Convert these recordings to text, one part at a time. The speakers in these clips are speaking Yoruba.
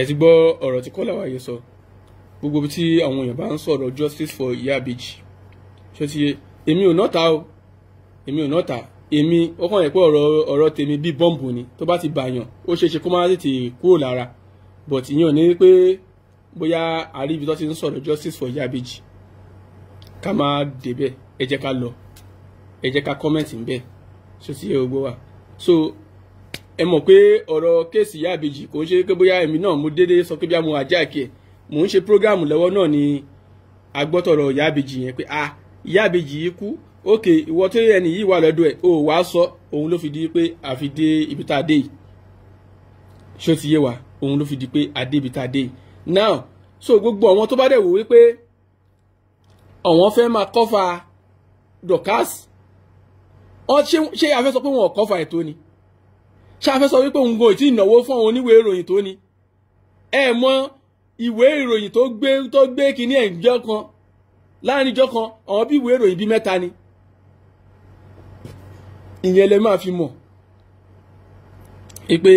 ẹ ti gbọ́ ọ̀rọ̀ tí Kọ́lá Wáyé sọ gbogbo tí àwọn èèyàn bá ń sọ̀rọ̀ justice for Ìyá Ìbejì ṣé ti yé èmi ò náà ta o èmi ò náà ta èmi ó kàn yẹ pé ọ̀rọ̀ ọ̀rọ̀ tèmi bíi bọ́ǹbù ni tó bá ti bàyàn ó ṣeé ṣe kó má tètè kúrò lára but ìyẹn ò ní pé bóyá àríbi tó ti ń sọ̀rọ̀ justice for Ìyá Ìbejì ká má débẹ̀ ẹ jẹ́ ká lọ ẹ jẹ́ ká kọ́mẹ̀ntì ń bẹ̀ ṣé ti yé gbogbo wa so ẹ mọ̀ pé ọ̀rọ̀ kéèsì ìyá àbèjì kò ń ṣe pé bóyá èmi náà mo déédéé sọ pé bí a mo àjá àkè mò ń ṣe prógráàmù lọ́wọ́ náà ni agbọ́tọ̀rọ̀ ìyá àbèjì yẹn pé ah ìyá àbèjì yìí kú ókè ìwọ tó ẹni yìí wà lọ́dọ̀ ẹ̀ o wàá sọ òun ló fi di pé àfi dé ibi tá a dé yìí ṣó ti yé wa òun ló fi di pé a dé ibi tá a dé yìí now so gbogbo àwọn tó bá dẹ̀ wò wípé àwọn fẹ́ máa kọ́fà dọ̀kásì ṣé a fẹ́ sọ pé wọn ò kọ́fà ètò ni ṣáfẹ́ sọ wípé òun kò tí ì náwó fún àwọn oníwèé ìròyìn tó ni ẹ mọ ìwé ìròyìn tó gbé tó gbé kínní ẹ̀ ń jọ kan láàrin ìjọ kan àwọn bí ìwé ìròyìn bíi mẹ́ta ni ìyẹn lẹ máa fi mọ̀ pé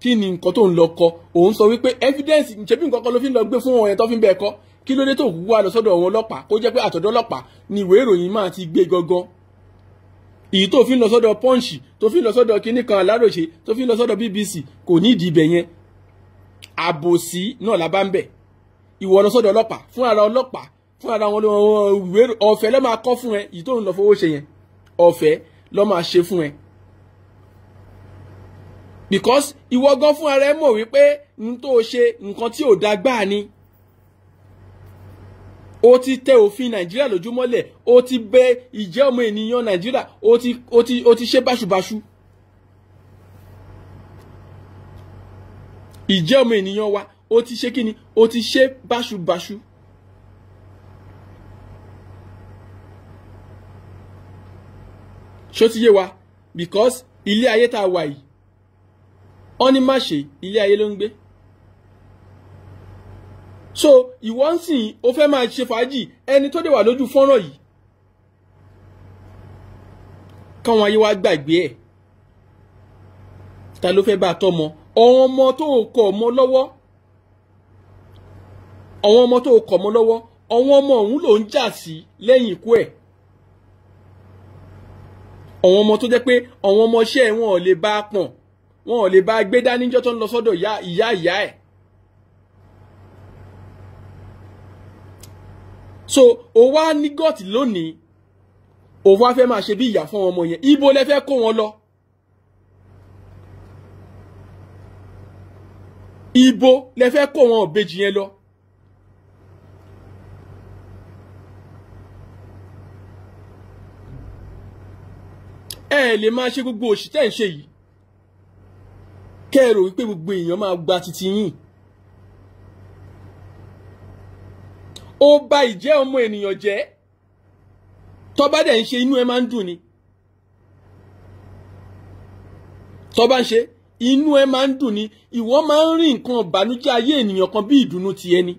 kí ni nǹkan tó ń lọ kọ òun sọ wípé evidence ìṣẹ́bí nǹkan kan ló fi ń lọ gbé fún ọ̀yẹ́ tó fi ń bẹ̀ kọ́ kí ló dé tó wúwa lọ sọ́dọ̀ àwọn ọlọ́pàá kó jẹ́ pé àtọ̀dọ̀ ọlọ́pàá ni ìwé ìròyìn máa ti gbé gangan èyí tó fi ń lọ sọ́dọ̀ punch tó fi ń lọ sọ́dọ̀ kinní kan aláròṣe tó fi ń lọ sọ́dọ̀ bbc kò ní ìdí ibẹ̀ yẹn àbòsí náà la bá ń bẹ̀ ìwọ lọ sọ́dọ̀ ọlọ́pàá fún ara ọlọ́pàá fún ara wọn ọ̀fẹ́ ló máa kọ́ fún ẹ èyí tó ń lọ fowó ṣe yẹn ọ̀fẹ́ ló máa ṣe fún ẹ because ìwọ gan fún ara ẹ mọ̀ wípé n tó ṣe nǹkan tí ò dáa gbáà ni o ti tẹ òfin nàìjíríà lójúmọ́lẹ̀ o ti bẹ ìjẹ́ ọmọ ènìyàn nàìjíríà o ti o ti o ti ṣe báṣubàṣu. ìjẹ́ ọmọ ènìyàn wa o ti ṣe kíni o ti ṣe báṣubàṣu. ṣó ti yé wa because ilé ayé tá a wà yìí ọ́ ní má ṣe ilé ayé ló ń gbé so ìwọ ń sìn o fẹ́ máa ṣe fàájì ẹni tó dé wà lójú fọ́nrán yìí káwọn ayé wa gbàgbé ẹ̀ ta ló fẹ́ bá a tọ́mọ àwọn ọmọ tó kọ̀ ọmọ lọ́wọ́ àwọn ọmọ tó kọ̀ ọmọ lọ́wọ́ àwọn ọmọ ọ̀hún ló ń jà sí lẹ́yìn ikú ẹ̀ àwọn ọmọ tó jẹ́ pé àwọn ọmọọṣẹ́ wọn ò lè bá a pọ̀n wọn ò lè bá a gbé dání jọ́ ń lọ sọ́dọ̀ ìyá ìyá ẹ̀ so o wá ní gọ́ọ̀tì lónìí o wá fẹ́ máa ṣe bí ìyà fún ọmọ yẹn ibo lẹ fẹ́ kó wọn lọ ibo lẹ fẹ́ kó wọn òbejì yẹn lọ. ẹ lè máa ṣe gbogbo òṣì tẹ́ ń ṣe yìí kẹ́ ẹ rò gbogbo èèyàn máa gba titi yín. ó bà ìjẹ́ ọmọ ènìyàn jẹ́ tó bá dẹ̀ ń ṣe inú ẹ máa ń dùn ni tó bá ń ṣe inú ẹ máa ń dùn ni ìwọ máa ń rí nǹkan ìbànújẹ́ ayé ènìyàn kan bí ìdùnnú ti ẹni.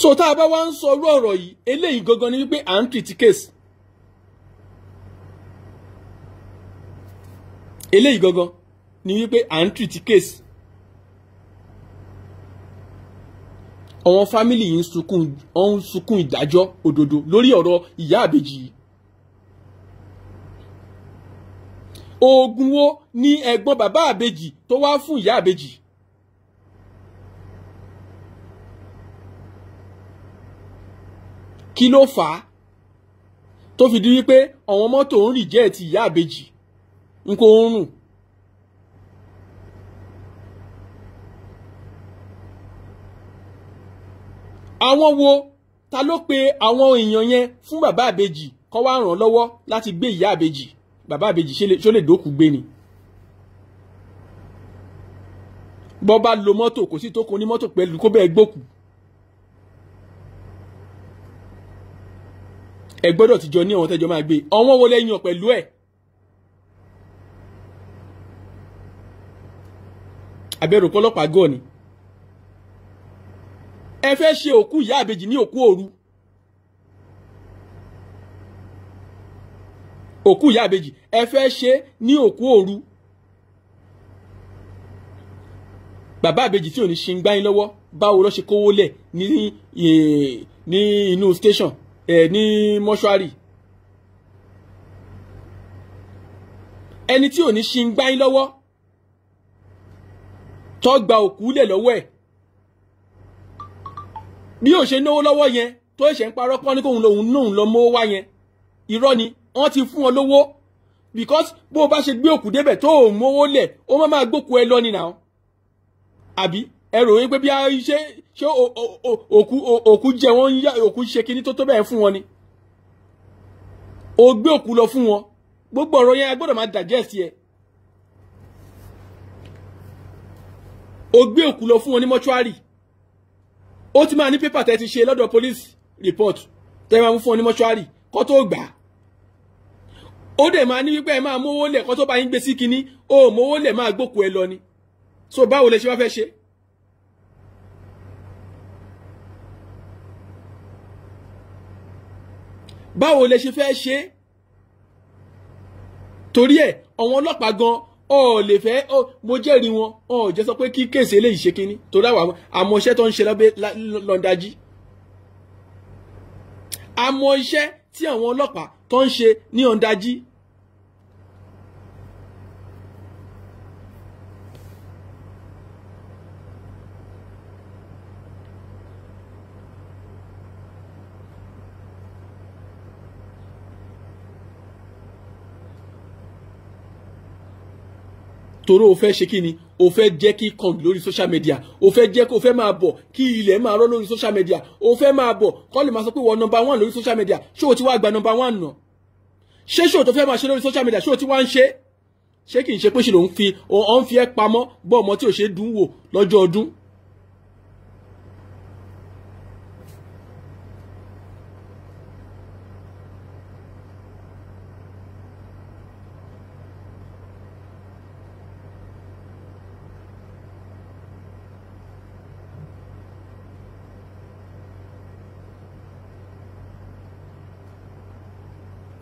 so tá a bá wá ń sọ irú ọ̀rọ̀ yìí eléyìí gangan ni wípé à ń treat eléyìí gangan ni wípé à ń treat àwọn fámìlì yìí ń sunkún ìdájọ́ òdodo lórí ọ̀rọ̀ ìyá àbèjì yìí. oògùn wo ni ẹ̀gbọ́n bàbá àbèjì tó wá fún ìyá àbèjì. kí ló fà á tó fi di wípé àwọn mọ́tò ń rìjẹ́ ti ìyá àbèjì n kò ń àwọn wo ta ló pe àwọn èèyàn yẹn fún bàbá àbejì kó wá ràn lọ́wọ́ láti gbé ìyá àbejì bàbá àbejì ṣó lè dókú gbé ni. bọ́ bá lo mọ́tò kò sí tó kun ní mọ́tò pẹ̀lú kó bẹ́ẹ̀ gbókù. ẹ gbọ́dọ̀ tìjọ ní àwọn tẹ́jọ máa gbé ọ̀wọ́n wo lẹ́yìn ọ̀ pẹ̀lú ẹ̀. abẹ́rù pọ́lọ́pàá gọ̀ ni ẹ fẹ́ ṣe òkú ìyá àbèjì ní òkú òru òkú ìyá àbèjì ẹ fẹ́ ṣe ní òkú òru bàbá àbèjì tí ò ní ṣe ń gbáyín lọ́wọ́ báwo ló ṣe kówó lẹ̀ ní ní inú station ẹ̀ ní mọ́ṣúárì ẹni tí ò ní ṣe ń gbáyín lọ́wọ́ tó òkú lẹ̀ lọ́wọ́ ẹ̀ bí ó ṣe náwó lọ́wọ́ yẹn tó ṣe ń parọ́ kọ́ ní kóun lòun lòun lọ mówó wá yẹn irọ́ ni wọ́n ti fún wọn lówó because bó o bá ṣe gbé òkú débẹ̀ tó o mówó lẹ̀ o má máa gbókù ẹ lọ nìyà àbí ẹ rò wípé bí a ṣe ṣe òkú òkú jẹ wọn yá òkú ṣe kinní tó tó bẹ́ẹ̀ fún wọn ni o gbé òkú lọ fún wọn gbogbo ọ̀rọ̀ yẹn a gbọ́dọ̀ máa digest ẹ o gbé òkú lọ fún wọn ní mọ́ṣúárì ó ti máa ní pépà tẹ́ ti ṣe lọ́dọ̀ police report tẹ́ máa mú fún ọ ní mọ́ṣúárì kó tó gbà á ó dẹ̀ máa ní wípé ẹ máa mówó lẹ̀ kó tó bá yín gbé sí kinní ó mówó lẹ̀ máa gbókùú ẹ lọ ni so báwo lẹ ṣe wá fẹ́ ṣe. báwo lẹ ṣe fẹ́ ṣe torí ẹ̀ àwọn ọlọ́pàá gan ọ lè fẹ́ mo jẹ́rìí wọn ọ jẹ́ sọ pé kí kéèsì eléyìí ṣe kínní torí àwọn àmọ́ iṣẹ́ tó ń ṣe lọ́bẹ̀ lọ́ndájí àmọ́ tí àwọn ọlọ́pàá tó ń ṣe ní ọ̀ndájí torí o fẹ́ ṣe kí ni o fẹ́ jẹ́ kí kàn lórí social media o fẹ́ jẹ́ kó o fẹ́ máa bọ̀ kí ilẹ̀ máa rọ́ lórí social media o fẹ́ máa bọ̀ kọ́ lè máa sọ pé wọ́n nọmba one lórí social media ṣé o ti wá gba nọmba one nà ṣé ṣé o tó fẹ́ máa ṣe lórí social media ṣé o ti wá ń ṣe ṣé kì í ṣe pé ṣe lòun fi ọ̀ ń fi ẹ́ pamọ́ bọ́ ọmọ tí ò ṣe dùn wò lọ́jọ́ ọdún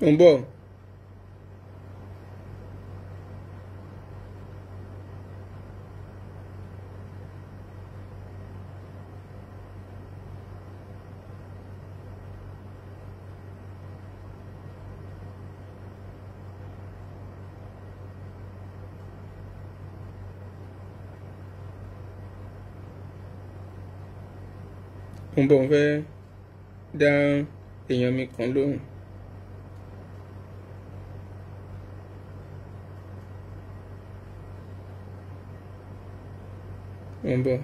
mo ń bọ̀. mo ń bọ̀ mo fẹ́ dá èèyàn mi kan lóhùn. wọn bọ̀.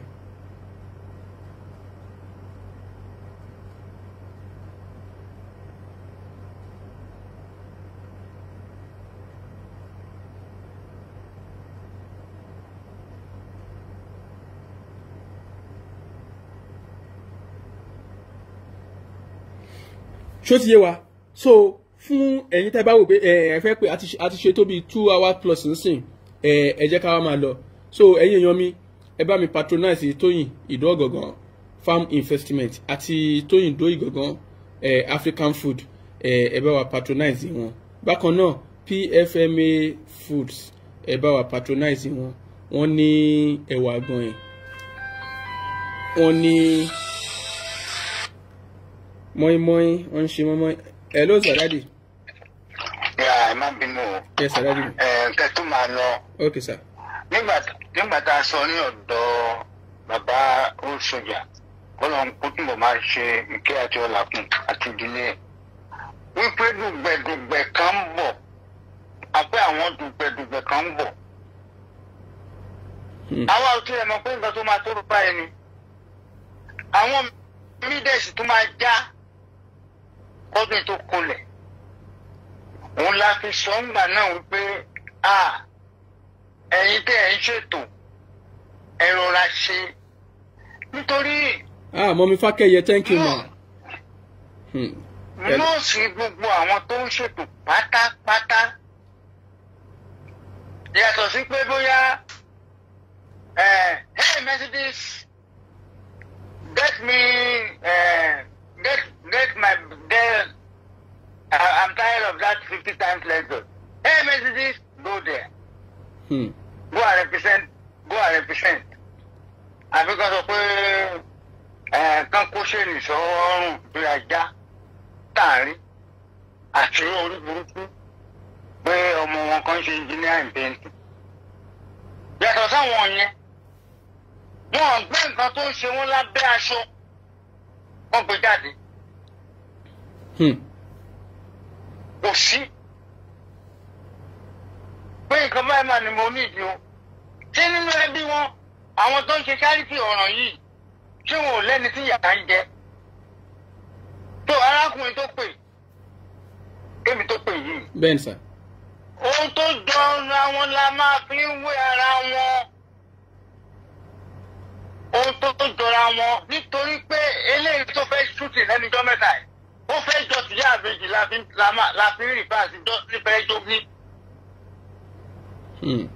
ṣó ti yé wa so fún ẹ̀yin tẹ́ bá wò pé ẹ ẹ fẹ́ pé a ti ṣe tó two hours plus nsìn ẹ ẹ jẹ́ ká wá máa lọ so ẹ̀yin èèyàn mi ẹ bá mi patronize tóyìn ìdó ọ̀gọ̀gàn farm investment àti tóyìn ìdó ìgọ̀gàn eh, african food ẹ eh, bá wa patronize wọn bákan náà pfma foods ẹ bá wa patronize wọn wọ́n ní ẹ̀wà gan-an wọ́n ní mọ́ínmọ́ín wọ́n ń ṣe mọ́ínmọ́ín hello sàdádì. ẹ má bínú o. ẹ sàdádì. ẹ kẹtù máa lọ. ok sir. nígbà tó nígbà tá a sọ ní ọ̀dọ̀ bàbá old soldier kọ́lọ̀ ń kó túnbọ̀ máa ṣe ìkẹ́ àti ọlà kùn àti ìdílé ẹ̀ wípé dùgbẹ̀dùgbẹ̀ kan ń bọ̀ àpẹ́ àwọn dùgbẹ̀dùgbẹ̀ kan ń bọ̀ hmm. àwa ò tilẹ̀ mọ̀ pé nǹkan tó máa tó rúpa ẹni àwọn mídẹ̀sì tó máa já kọ́dún tó kolẹ̀ òun la fi sọ ńgbà náà wípé a. Ah, ẹ̀yin tẹ́ ẹ̀ ń ṣètò ẹ rọra ṣe nítorí. ah mọ́mí fákẹ́yẹ thank you ma. Hmm. nọ́ọ̀sì gbogbo àwọn tó ń ṣètò pátápátá yàtọ̀ sí pé bóyá eh, hey messages. get me uh, get get my girl I'm tired of that fifty times lesson hey messages, go there. Hmm. Go and represent go and represent. Àbí kan sọ pé kan kó ṣèlè sọ́rùn bí ajá tààrí àti orí burúkú pé ọmọ wọn kan ṣe engineer in painting. Yàtọ̀ sáwọn yẹn, wọn gbé nǹkan tó ń ṣe wọn lábẹ́ aṣọ, wọ́n gbé jáde. Hmm. Kò sí pé nǹkan báyìí mà ni mo ní ìdí o ṣé nínú ẹbí wọn àwọn tó ń ṣe ṣáríìtì ọ̀ràn yìí ṣé wọn ò lẹ́ni tí yàrá ń jẹ tó arákùnrin tó pè èmi tó pè yìí. bẹ́ẹ̀ ni sà. ohun tó jọ ra wọn la máa fi ń wé ara wọn ohun tó jọra wọn nítorí pé eléyìí tó fẹ́ ṣútì lẹ́nu jọ́mẹ́ta yìí ó fẹ́ jọ tìyá àbèjì la fi ń rí báàsì jọ nípa ẹjọ́ bíi. Hmm.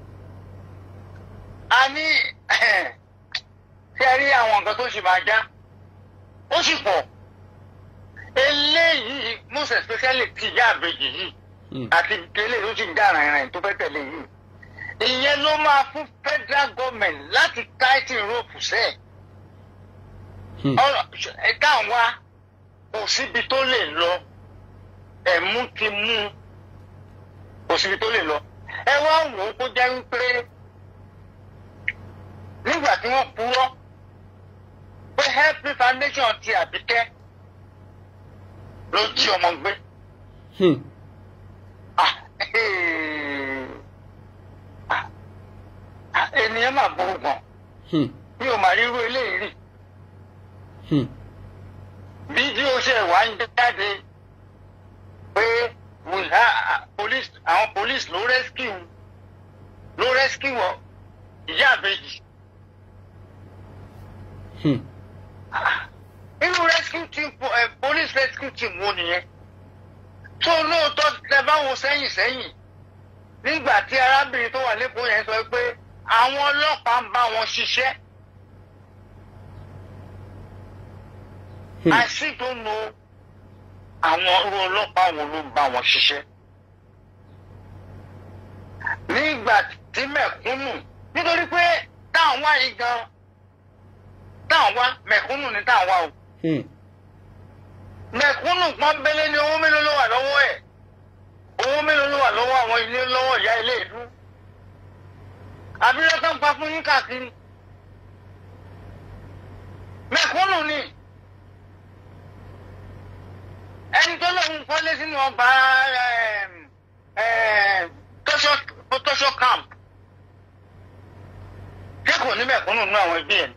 a ní ṣe rí àwọn nǹkan tó ṣì máa já ó sì pọ̀ eléyìí mọ́sẹ̀ spẹ́ṣẹ́lì ti ìyá àbèjì yìí hmm. àti eléyìí ló ti ń dára ìrìn tó fẹ́ tẹ̀lé yìí ìyẹn ló máa fún federal government láti tighten rope sẹ́ẹ̀ hmm. ẹ̀ka wa kò síbi tó lè lọ ẹ̀mú ti mú kò síbi tó lè lọ ẹ wá wò ó kó jẹ́ wípé nígbà tí wọ́n purọ́ pé help me foundation ti àbíkẹ́ ló jí ọmọ gbé. Hmm. Ah, eh, ah, ah, ènìyàn mà burú gan hmm. mi ò mà ríru eléyìí rí hmm. bí tí ó ṣe wá ń jáde pé. Musa ah, ah, police àwọn police ló rescue ló rescue ọ ìyá àbèjì. Hmm. Ah, inú rescue team eh, police rescue team wo nìyẹn tó lóòótọ́ tẹ bá wo sẹ́yìn sẹ́yìn nígbà tí arábìnrin tó wà lẹ́kọ̀ọ́ yẹn sọ pé àwọn ọlọ́pàá ń bá wọn ṣiṣẹ́. Hmm. I still don't know àwọn irú ọlọ́pàá wo ló ń bá wọn ṣiṣẹ́ nígbà tí mẹ̀kúnnù nítorí pé táwọn wá yìí gan táwọn wá mẹ̀kúnnù ni táwọn wá o hmm. mẹ̀kúnnù pọ́nbélé ni owó mélòó ló wà lọ́wọ́ ẹ̀ owó mélòó ló wà lọ́wọ́ àwọn ilé lọ́wọ́ ìyá ilé ìlú àbí lọ́tọ́ ń pa fún yín káàkiri mẹ̀kúnnù ni ẹni tó lóun kọ́lé sínú ọgbà tọ́ṣọ́ camp kẹ́kọ̀ọ́ níbẹ̀ kún nínú àwọn ẹbí ẹ̀.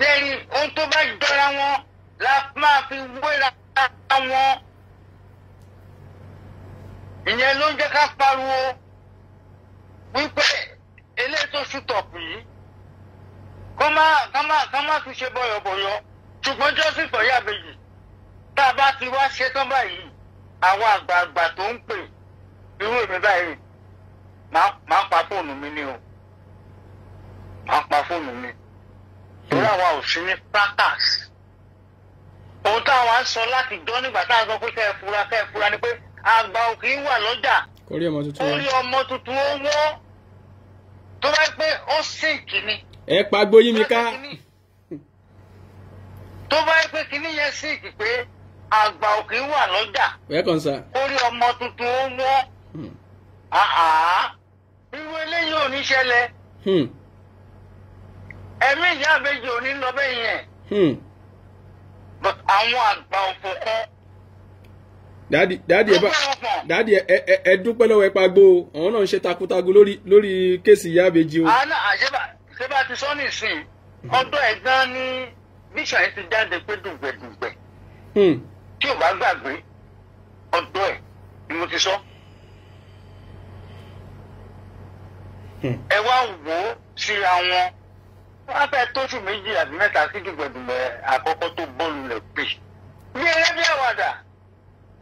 lẹ́yìn ohun tó bá jọra wọn la máa fi wéra wọn ìyẹn ló ń jẹ́ ká pariwo wípé eléyìí tó ṣùtọ̀ pì í kọ́ má kọ́ má kọ́ má fi ṣe bọ̀yọ̀bọ̀yọ̀ ṣùgbọ́n jọ́sìn tọ́yà méjì tá a bá ti wá ṣetán báyìí àwọn àgbààgbà tó ń pè irú èmi báyìí máa ń pa fóònù mi ni o máa ń pa fóònù mi torí àwa ò ní practice ohun táwa ń sọ láti dán nígbà tá a sọ pé kẹ́ẹ̀ fura kẹ́ẹ̀ fura ni pé àgbà ò kì í wà lọ́jà orí ọmọ tuntun orí ọmọ tuntun ó wọ́ tó bá pẹ́ ó sì kìíní. ẹ pa gbóyún mi ká tó bá yẹ pé kinní yẹn sì kì pé àgbà òkè wà lọ́jà kórí ọmọ tuntun ó wọ́n hmm. irú eléyìí ò ní ṣẹlẹ̀ hmm. ẹ̀mí ìyá àbẹ́jì ò ní lọ bẹ́ẹ̀ yẹn hmm. but àwọn àgbà òfò kan dadi dadi ẹ bá dadi ẹ ẹ ẹ dúpẹ́ lọ́wọ́ ẹ pagbo àwọn náà ń ṣe takutago lórí lórí kéèsì ìyá àbèjì o. àná àṣebà ṣebà ti sọ nìsín ọdọ ẹ̀gbọ́n ní mission yẹn ti jáde pé dùgbẹ̀dùgbẹ̀ hmm. tí o bá gbàgbé ọ̀dọ̀ ẹ̀ ni mo ti sọ. Hmm. ẹ wá wò ó síra wọn wọn fẹ́ tóṣù méjì àbí mẹ́ta sí dùgbẹ̀dùgbẹ̀ àkọ́kọ́ tó bọ́ọ̀lù rẹ̀ pè bí ẹlẹ́bí àwàdà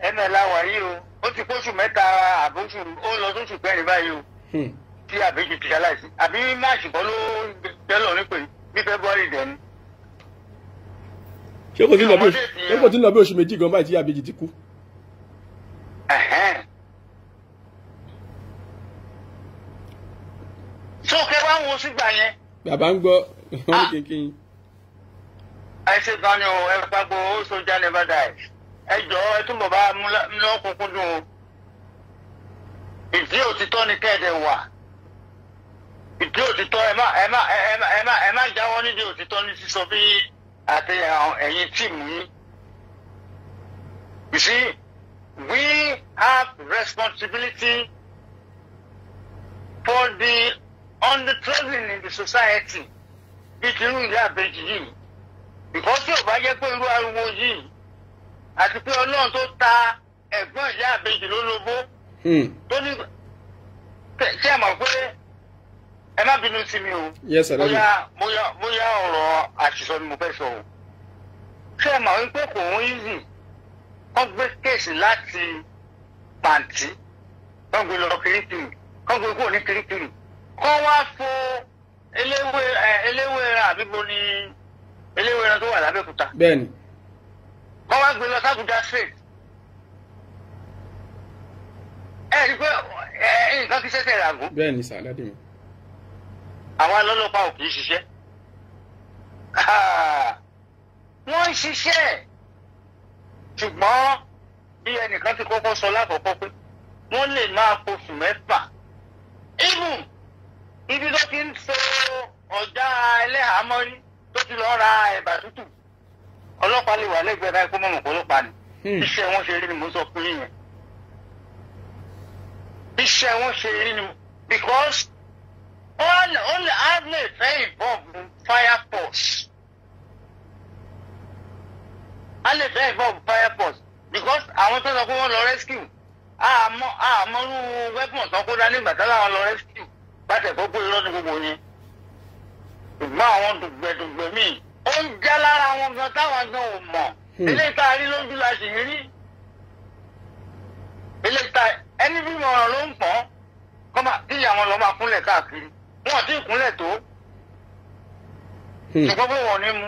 ẹnu ẹ̀ láwà yìí o ó ti kóṣù mẹ́ta àbóṣù ó lọ sóṣù kẹrin báyìí o hmm. tí àbíjì ti ṣaláìsí àbí máàṣì kọ́ ló jẹ́ lọ́ọ́ nípe bí fẹ́ bọ́ọ̀lì dẹ̀ ni ṣé kò tí ń lọ bí oṣù méjì gan báyìí tí àbèjì ti kú. tó kẹ wá wo sígbà yẹn. bàbá ń gbọ́ ah. wọ́n ní kékeré. ẹ ṣe kan ni o ẹ bá gbọ́ ó sójà never die ẹ jọ ẹ túbọ̀ bá múlọ́kùnkún dùn o ìdí òtítọ́ ni kẹ́ẹ̀dẹ̀ wà ìdí òtítọ́ ẹ má ẹ má ẹ má ẹ má jáwọ́ nídìí òtítọ́ ní sísọ bíi àti ẹ̀yin tíìmù yín. You see, we have responsibility for the undertrending in the society bí tinú ìyá àbẹ̀jì Because you ò bá jẹ́ pé irú ariwo yìí àti pé ọlọ́run tó ta ẹ̀gbọ́n ìyá àbẹ̀jì lólobó hmm. tó ní kí ẹ mọ̀ pé ẹ má bínú sí mi o. yes ẹ má bínú. bóyá bóyá ọ̀rọ̀ àṣìṣọ ni mo fẹ́ sọ o. ṣé ẹ màá wípé kò ń yìí wọ́n gbé kéèsì láti pàǹtí wọ́n gbé lọ kirikiri wọ́n gbé kúrò ní kirikiri kọ́ wá fo eléwé ẹ eléwé àbíbo ni eléwé ẹran tó wà lábẹ́kúta. bẹ́ẹ̀ni. kọ́ wá gbé lọ sábùdá straight. ẹ rí ẹ nǹkan kí sẹ́sẹ̀ rà gùn. bẹ́ẹ̀ni sàlẹ́ àwọn ọlọ́pàá ò kì í ṣiṣẹ́ ah, wọ́n ń ṣiṣẹ́ ṣùgbọ́n bí ẹnìkan ti kọ́kọ́ sọ lákọ̀ọ́kọ́ pé wọ́n lè máa poṣù mẹ́fà even ibi tó ti ń so ọjà ẹlẹ́hàámọ́rí tó ti lọ́ọ́ ra ẹ̀bà tútù ọlọ́pàá lè wà lẹ́gbẹ̀ẹ́ báyìí kó mọ̀mọ́ ọlọ́pàá ni hmm. iṣẹ́ wọn ṣe rí ni mo sọ fún yín yẹn iṣẹ́ wọn ṣe rí ni because only only army fẹ́ involve fire force army fẹ́ involve fire force because àwọn tó sọ pé wọ́n lọ rescue àmọ́ àmọ́rú weapons tó kó dání gbàtà làwọn lọ rescue bàtẹ̀ kó pé irọ́ ní gbogbo yẹn ṣùgbọ́n àwọn dùgbẹ̀dùgbẹ̀ míì ó ń jẹ́ lára wọn gan táwọn gan ò mọ̀ ilé tá a rí lójú la sì ń rí ilé tá ẹni bí mo ràn ló ń pọ́n kọ́mà tí àwọn lọ́ọ́ máa kúnlẹ̀ káàkiri wọn àti ìkúnlẹ̀ tó hmm. ṣùgbọ́n bó wọn ní mu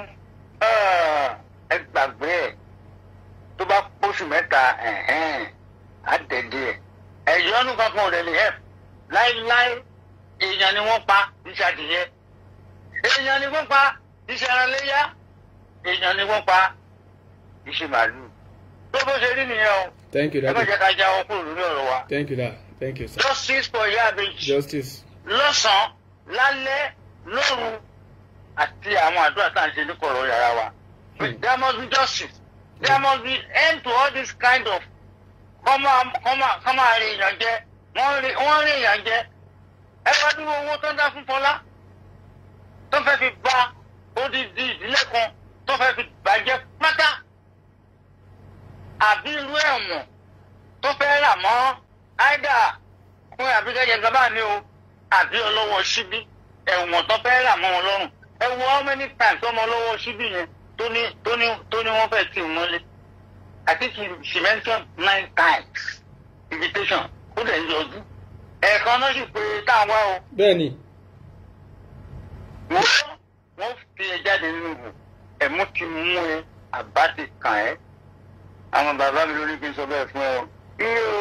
ẹ gbàgbé ẹ tó bá pósù mẹ́ta àtẹ̀dẹ̀ ẹ ẹ̀yọ́nù kankan ò lè help láíláí èèyàn ni wọ́n pa iṣẹ́ adìyẹ èèyàn ni wọ́n pa iṣẹ́ aráléyá èèyàn ni wọ́n pa iṣẹ́ màálù tó bó ṣe rí nìyẹn o thank you dad ẹ má jẹ́ ká já wọn kúrò lórí ọ̀rọ̀ wa thank you dad thank you sir justice for Ìyábẹ̀jì justice lọ́sàn lálẹ́ lóru àti àwọn àdúrà tá à ń ṣe ní yàrá wa. there must be justice there must be end to all this kind of kọ́mọ kọ́mọ kọ́mọ àárín èèyàn jẹ wọ́n rí èèyàn jẹ ẹ bá dúró owó tó ń dá fún Fọlá tó fẹ́ fi ba odidi ìdílé kan tó fẹ́ fi bàjẹ́ pátá àbí irú ẹ̀wọ̀n tó fẹ́ rà mọ́ áìdá fún àbíkẹ́jẹ gbọ́dọ̀ mi o àbí ọlọ́wọ́ ṣíbí ẹ̀wọ̀n tó fẹ́ rà mọ́ wọn lọ́rùn ẹ wo how many times ọmọ ọlọ́wọ́ ṣíbí yẹn tó ní tó ní tó ní wọ́n fẹ́ tì mọ́lé I think she, she mentioned nine times invitation ó dẹ̀ yọjú ẹ̀ẹ̀kan náà sì pé táwọn wá o. bẹ́ẹ̀ni. wọ́n wọ́n fi ẹ jáde nínú ìbò ẹ̀mú ti mú ẹ àbá ti kàn ẹ́ àwọn bàbá mi lórí kí n sọ bẹ́ẹ̀ fún ẹ o.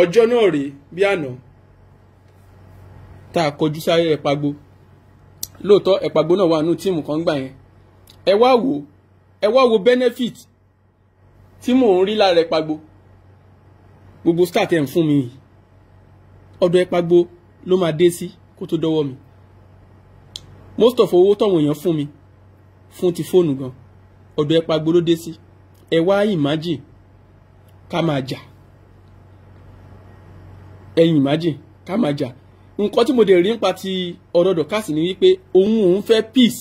ọjọ́ náà rèé bí àná tá a kọjú sáré ẹ̀pàgbó lóòótọ́ ẹ̀pàgbó náà wà nù tíìmù kan gbà yẹn ẹ wá wò ẹ wá wò benefit tí mò ń rí lára ẹ̀pàgbó gbogbo star tẹ̀ ń fún mi yìí ọ̀dọ̀ ẹ̀pàgbó ló máa dé sí kó tó dọ́wọ́ mi most of owó tọ̀wọ̀n èèyàn fún mi fún ti fóònù gan ọ̀dọ̀ ẹ̀pàgbó ló dé sí ẹ wá imagine ká máa jà. Ja ẹ̀yin imagine ká máa jà nǹkan tí mo dẹ̀ rí nípa ti ọ̀rọ̀ dọ̀kásì ni wípé òun òun fẹ́ peace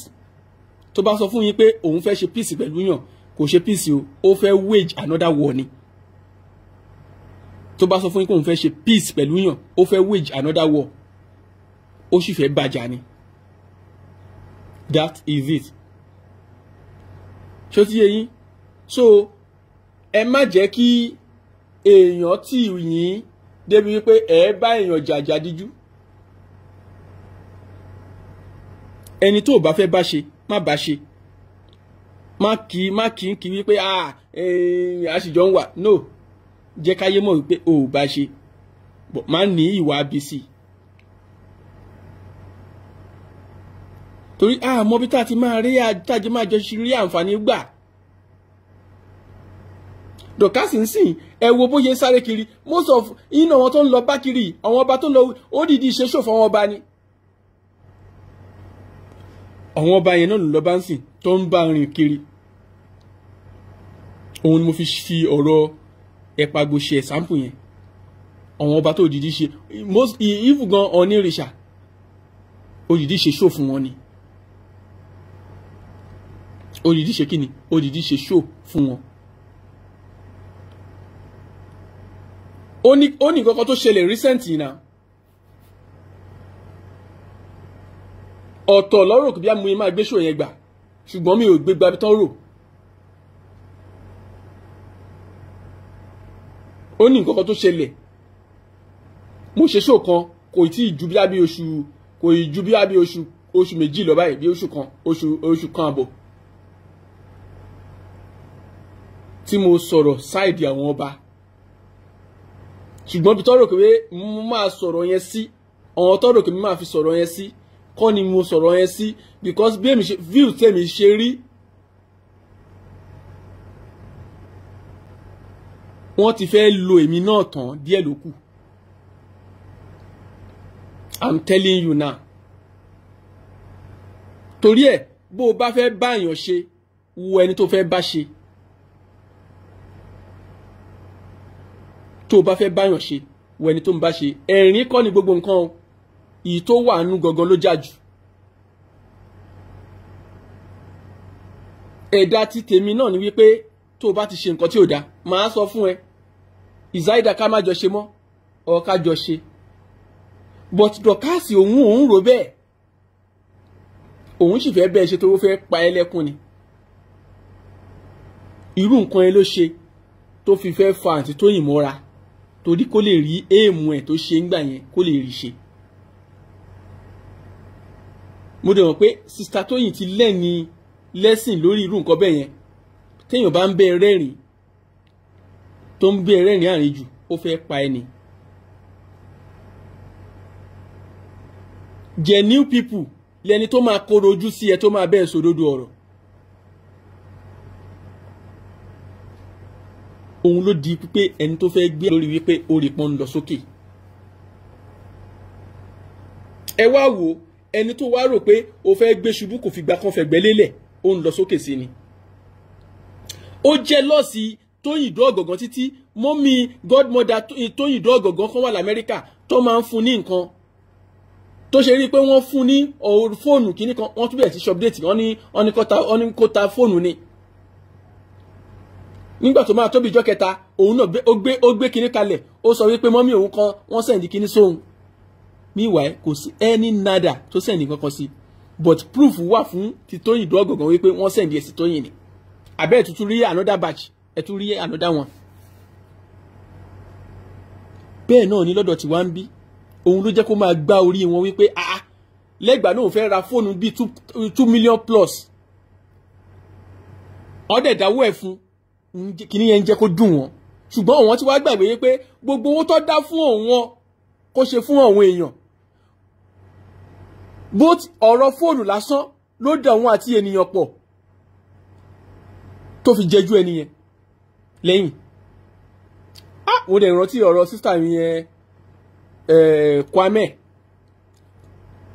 tó bá sọ fún yín pé òun fẹ́ ṣe peace pẹ̀lú yàn kò ṣe peace o ó fẹ́ wage another war ni tó bá sọ fún yín pé òun fẹ́ ṣe peace pẹ̀lú yàn ó fẹ́ wage another war ó sì fẹ́ bàjá ni that is it ṣó ti yé yín so ẹ má jẹ́ kí èèyàn tì yín débi wípé ẹ bá èèyàn jàjà díjú ẹni tó bá fẹ́ bá ṣe má bá ṣe má kì í má kì í kì í wípé eh, a sì jọ ń wà no jẹ́ káyé mọ̀ wípé o ò bá ṣe bọ̀ má ní ìwà abisi torí àmọ́ bí tá a ti máa rí àtàjẹ́ máa jọ ṣe rí àǹfààní gbà dọ̀kásì ń sìn ẹ wo bó ṣe sáré kiri most of iná wọn tó ń lọ bá kiri àwọn ọba tó ń lọ ó dìdí ṣe ṣòfò àwọn ọba ni. àwọn ọba yẹn náà ló lọ ń sìn tó ń bá rìn kiri òun ni mo fi fi ọ̀rọ̀ ẹ̀pàgbò ṣe ẹ̀sáǹpù yẹn àwọn ọba tó dìdí ṣe most even gan ọ̀ní rìṣà òdìdí ṣe ṣó fún wọn ni òdìdí ṣe kí ni òdìdí ṣe ṣó wọn. ó ní ó ní nǹkan kan tó ṣẹlẹ̀ recent yìí náà ọ̀tọ̀ lọ́rọ̀ kò bí amúyẹ máa gbé ṣò yẹn gbà ṣùgbọ́n mi ò gbé gbabi tán rò ó ní nǹkan kan tó ṣẹlẹ̀ mo ṣe ṣò kan kò tí ì ju bí abí oṣù kò ì ju bí abí oṣù oṣù méjì lọ báyìí bí oṣù kan oṣù oṣù kan àbọ̀ tí mo sọ̀rọ̀ sáìdì àwọn ọba ṣùgbọ́n bí tọ́rọ̀ pé mo máa sọ̀rọ̀ yẹn sí ọ̀hún tọ́rọ̀ pé mo máa fi sọ̀rọ̀ yẹn sí kọ́ ni mo sọ̀rọ̀ yẹn sí because bí èmi ṣe view tèmi ṣe rí wọ́n ti fẹ́ lo èmi náà tán díẹ̀ ló kù i'm telling you now torí ẹ̀ bó o bá fẹ́ báyàn ṣe wo ẹni tó fẹ́ bá ṣe. tó o bá fẹ́ báyàn ṣe wọ ẹni tó ń bá ṣe ẹ̀rín kọ́ ni gbogbo nǹkan o ìyí tó wà nú gangan ló jà jù. ẹ̀dá ti tèmi náà ni wípé tó o bá ti ṣe nǹkan tí ò dáa màá sọ fún ẹ ìzáìdá ká má jọ ṣe mọ́ ọ̀ jọ ṣe but dọ̀kásì òun òun rò bẹ́ẹ̀ òun sì fẹ́ bẹ́ẹ̀ ṣe tó fẹ́ pa ẹ́ lẹ́kùn ni irú nǹkan ẹ ló ṣe tó fi fẹ́ fa àǹtí Tóyìn mọ́ra torí kó lè rí éèmù ẹ̀ tó ṣe ń gbà yẹn kó lè rí ṣe. mo dẹ̀ mọ̀ pé sista Tóyìn ti lẹ́ni lẹ́sìn lórí irú nǹkan bẹ́ẹ̀ yẹn téèyàn bá ń bẹ rẹ́rìn tó ń bẹ rẹ́rìn àárín jù ó fẹ́ pa ẹni. genuine people lẹni tó máa kóró ojú sí ẹ tó máa bẹ́ẹ̀ sòdodo ọ̀rọ̀. òun ló di pípé ẹni tó fẹ́ gbé lórí wípé orí pọn ń lọ sókè ẹ wá wo ẹni tó wá rò pé o fẹ́ gbé ṣubú kò fìgbà kan fẹ̀gbẹ́ lélẹ̀ ó ń lọ sókè sí ni ó jẹ́ lọ́ọ̀sì tóyìn dó ọ̀gọ̀gàn títí mọ́mí godmother tóyìn dó ọ̀gọ̀gàn kan wà lamẹ́ríkà tó máa ń fún ní nǹkan tó ṣe rí i pé wọ́n fún ní fóònù kìíní kan wọ́n tún bẹ̀rẹ̀ sí ṣọ́pdéètì wọ́n ní kó fóònù ni. Oni, nígbà tó máa tóbi ìjọ kẹta òun náà ó gbé ó gbé kinní kalẹ̀ ó sọ wípé mọ́mí òun kan wọ́n sẹ̀ǹdì kinní sóhun meanwhile kò sí any nada tó sẹ̀ǹdì kankan sí but proof wà fún ti Tóyìn dọ́gọ̀gàn wípé wọ́n sẹ̀ǹdì ẹ̀ sí Tóyìn ni àbẹ́ ẹ̀ tuntun rí another batch ẹ̀ tún rí another one bẹ́ẹ̀ náà ni lọ́dọ̀ tí wá ń bí òun ló jẹ́ kó máa gbá orí wọn wípé ah lẹ́gbàá náà fẹ́ ra fóònù bíi two million plus ọ̀dẹ̀ dáwọ́ ẹ̀ fún kìíní yẹn ń jẹ́ kó dùn wọ́n ṣùgbọ́n àwọn ti wá gbàgbé yé pé gbogbo owó tó dá fún òun kó ṣe fún àwọn èèyàn bó ọ̀rọ̀ fóònù lásán ló dà òun àti ènìyàn pọ̀ tó fi jẹjú ẹni yẹn lẹ́yìn ah! mo dẹ̀ rántí ọ̀rọ̀ sísá mi yẹn eh, Kwame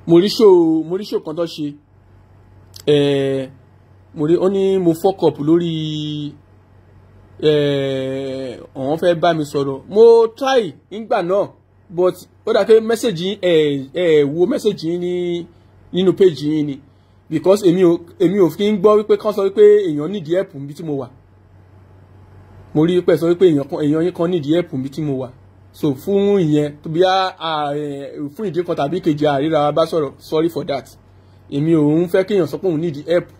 moríṣò moríṣò kan tó ṣe eh, mo rí ó ní mo fọ́kọ̀pù lórí ọ̀hún eh, fẹ́ bá mi sọ̀rọ̀ mo try nígbà náà but ó dà pé mẹ́sẹ̀gì ẹ ẹ wo mẹ́sẹ̀gì ní nínú péjì yín ni because èmi ò èmi ò fi ń gbọ́ wípé kán sọ wípé èèyàn nídìí ẹ̀pù níbi tí mo wà mo rí pẹ́ sọ wípé èèyàn yín kan nídìí ẹ̀pù níbi tí mo wà so fún ìyẹn tó bí eh, fún ìdí kan tàbí kejì àríra bá sọ̀rọ̀ sorry for that èmi ò ń fẹ́ kéèyàn sọ pé òun nídìí ẹ̀pù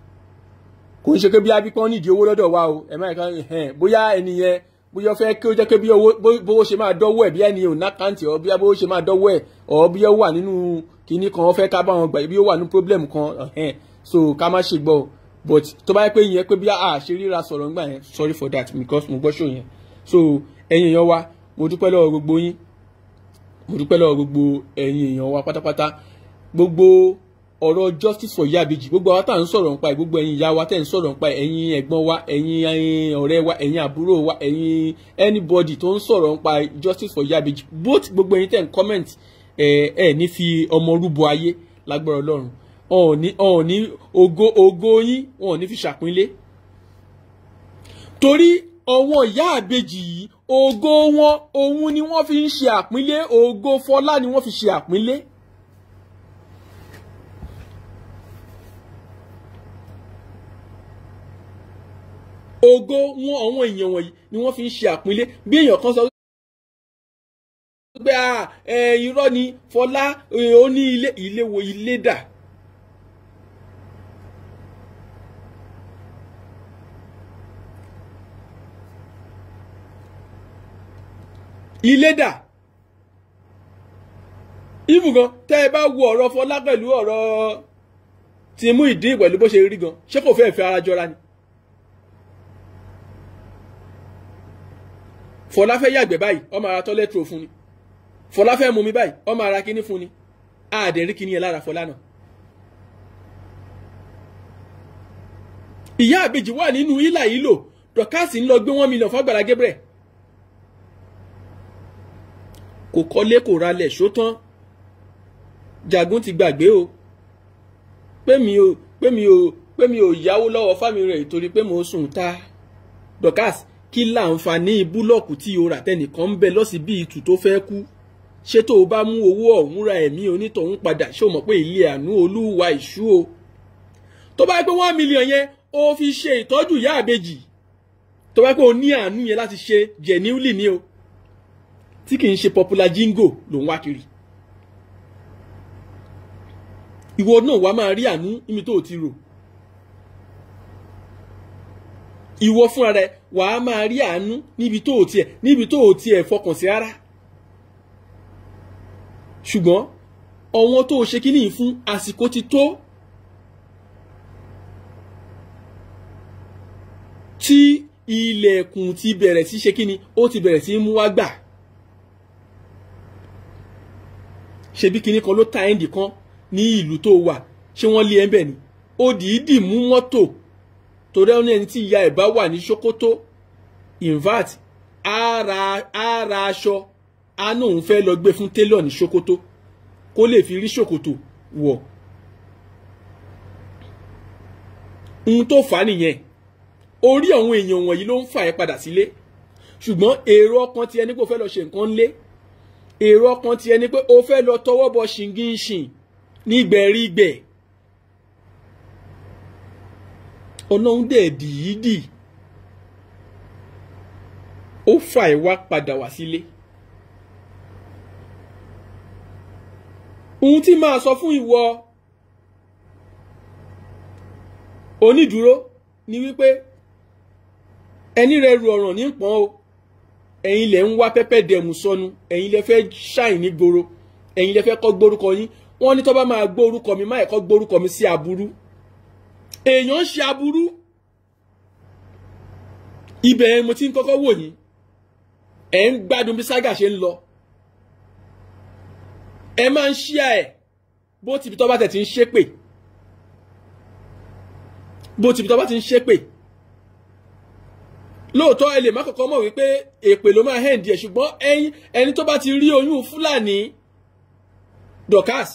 kò ń ṣe pé bí abípọ́n nídìí owó lọ́dọ̀ wa o ẹ̀ máa kan hẹn bóyá ẹni yẹn bóyá fẹ́ kí ó jẹ́ pé bí owó ṣe máa dọ́wọ́ ẹ̀ bí ẹni ò ná kàǹtì ọ̀ bí owó ṣe máa dọ́wọ́ ẹ̀ ọ̀ bí ó wà nínú kinní kan ó fẹ́ ká bá wọn gbà bí ó wà nínú problem kan hẹn so ká má ṣe gbọ́ but tó bá yẹ pé ìyẹn pé bí a ṣe ríra sọ̀rọ̀ ńgbà yẹn sorry for that because mo gbọ́ ṣò yẹn so ẹ̀yin èèyàn wa mo dúpẹ́ lọ́wọ́ gbogbo yín mo dúpẹ́ lọ́wọ́ gbogbo ẹ̀yin èèyàn wa pátápátá gbogbo ọ̀rọ̀ justice for Iyabeji gbogbo àwa tá à ń sọ̀rọ̀ nípa ẹ̀ gbogbo ẹ̀yin ìyá wa tẹ̀ ń sọ̀rọ̀ nípa ẹ̀ ẹ̀yin ẹ̀gbọ́n wa ẹ̀yin ọ̀rẹ́ wa ẹ̀yin àbúrò wa ẹ̀yin anybody tó ń sọ̀rọ̀ nípa justice for Iyabeji both gbogbo ẹ̀yin tẹ̀ ń comment ẹ̀ ẹ̀ ní fi ọmọ rúbọ ayé lágbára ọlọ́run ọ̀ọ̀ni ọ̀ọ̀ni ògo ògo yín wọn ò ní fi ṣàpínlé torí ọwọ́n Iyabeji yìí ògo wọn òun ni wọ́n fi ń ṣe àpínlé ògo Fọlá ni wọ́n fi ṣe àpínlé ògo wọn àwọn èèyàn wọ̀nyí ni wọ́n fi ń ṣe àpínlé bí èèyàn kan sọ pé ah, irọ́ ni Fọlá ó ní ilé ilé wo ilé dà. ilé dà ìfù gan tẹ́ ẹ bá wo ọ̀rọ̀ Fọlá pẹ̀lú ọ̀rọ̀ Tìmú ìdí pẹ̀lú bó ṣe rí gan ṣé kò fẹ́ẹ́ fẹ́ ara jọra ni. fọlá fẹ́ yàgbẹ́ báyìí ọmọ ara toilet roll fún ni fọlá fẹ́ mumi báyìí ọmọ ara kíní fún ni àdẹ̀rí kíní yẹn lára fọlá náà. ìyá àbèjì wà nínú ìlà yìí lò dọ̀kásì ń lọ gbé wọ́n mílíọ̀nù fọ́gbàrá gébrẹ̀ kò kọ́lé kò ralẹ̀ sótán jagun ti gbàgbé o pé mi ò pé mi ò yáwó lọ́wọ́ fámi rẹ̀ torí pé mo sùn ta dọ̀kásì kí láǹfààní búlọ́ọ̀kù tí o rà tẹnìkan ń bẹ lọ́sí bí ìtù tó fẹ́ kú ṣé tó o bá mú owó ọ̀hún ra ẹ̀mí onítọ̀hún padà ṣé o mọ̀ pé ilé àánú olúwa ìṣú o tó bá pé one million yẹn o fi ṣe ìtọ́jú ìyá àbejì tó bá pé o ní àánú yẹn láti ṣe genuinely ni o tí kì í ṣe popular jingo ló ń wá kiri ìwọ náà wàá máa rí àánú níbi tó o ti fúnra rẹ wàá máa rí àánú níbi tó o tiẹ̀ níbi tó o tiẹ̀ fọkàn sí rárá ṣùgbọ́n ọ̀wọ́n tó o ṣe kíní yìí fún àsìkò ti tó tí ilẹ̀kùn ti bẹ̀rẹ̀ sí ṣe kíni ó ti bẹ̀rẹ̀ sí mú wá gbà ṣebí kíní kan ló ta ẹ́ǹdì kan ní ìlú tó wà ṣé wọ́n lé ẹ́ ni ó dìídì mú mọ́tò torí ẹni tí ìyá ẹ̀ bá wà ní Sokoto in fact ara ara aṣọ anú òun fẹ́ lọ gbé fún tailor ní ṣòkòtò kó lè fi rí ṣòkòtò wọ̀ ohun tó fà á nìyẹn orí àwọn èèyàn wọ̀nyí ló ń fà ẹ́ padà sílé ṣùgbọ́n èrò ọkàn ti ẹni pé o fẹ́ lọ ṣe nǹkan ńlé èrò ọkàn ti ẹni pé o fẹ́ lọ tọwọ́ bọ ṣìngínṣìn nígbẹ̀rígbẹ̀ ọlọ́run dẹ̀ dìídì ó fà ẹ́ wá padà wá sílé. ohun tí máa sọ fún ìwọ onídùúró ni wípé ẹni rẹ ru ọ̀ràn ní pọ́n o ẹ̀yin lẹ̀ ń wá pẹ́pẹ́ dẹ̀mù sọnù ẹ̀yin lẹ fẹ́ ṣàìn ní gbòòrò ẹ̀yin lẹ fẹ́ kọ́ gbórúkọ yín wọ́n ní tó bá máa gbórúkọ mi má ẹ̀kọ́ gbórúkọ mi sí aburú èèyàn ń ṣe aburú ibẹ̀ mo ti ń kọ́kọ́ wò yín ẹ ń gbádùn bí saga ṣe ń lọ ẹ máa ń ṣíà ẹ bó tìbí tọ́ bá tẹ̀ ti ń ṣépè bó tìbí tọ́ bá ti ń ṣépè lóòótọ́ ẹ lè má kọ́kọ́ mọ̀ wípé èpè ló máa hẹ́ǹdì ẹ̀ ṣùgbọ́n ẹni tó bá ti rí oyún fúlàní Dorkas